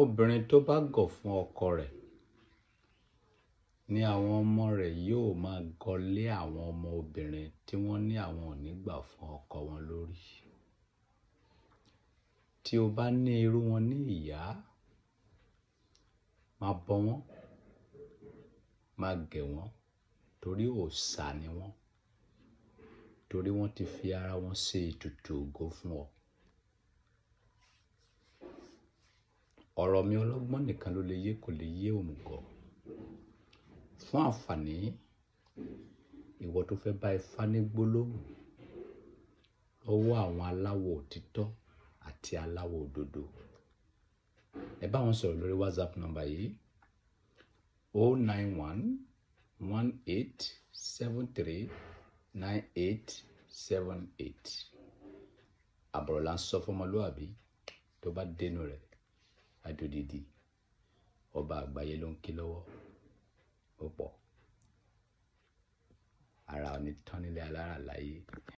obìnrin tó bá gọ̀ fún ọkọ rẹ̀ ni àwọn ọmọ rẹ̀ yóò máa gọlé àwọn ọmọ obìnrin tí wọ́n ní àwọn ò ní gbà fún ọkọ wọn lórí tí o bá ní irú wọn ní ìyá máa bọ wọ́n máa gẹ̀ wọ́n torí òòṣà ni wọ́n torí wọ́n ti fi ara wọn ṣe ètùtù ògo fún ọ. ọ̀rọ̀ mi ọlọ́gbọ́n nìkan ló lè yé kò lè yé òmùgọ̀ fún àǹfààní ìwọ tó fẹ́ bá ifá ní gbólóhùn lọ́wọ́ àwọn aláwọ̀ òtítọ́ àti aláwọ̀ òdodo ẹ bá wọn sọ̀rọ̀ lórí whatsapp nọ́mbà yìí o oh nine one one eight seven three nine eight seven eight àbọ̀rọ̀ là ń sọ fọmọlúwàbí tó bá dénú rẹ̀ adódìdì ọba àgbáyé ló ń ké lọ́wọ́ ó pọ̀ ara onítọ́nilẹ̀ aláràláyé.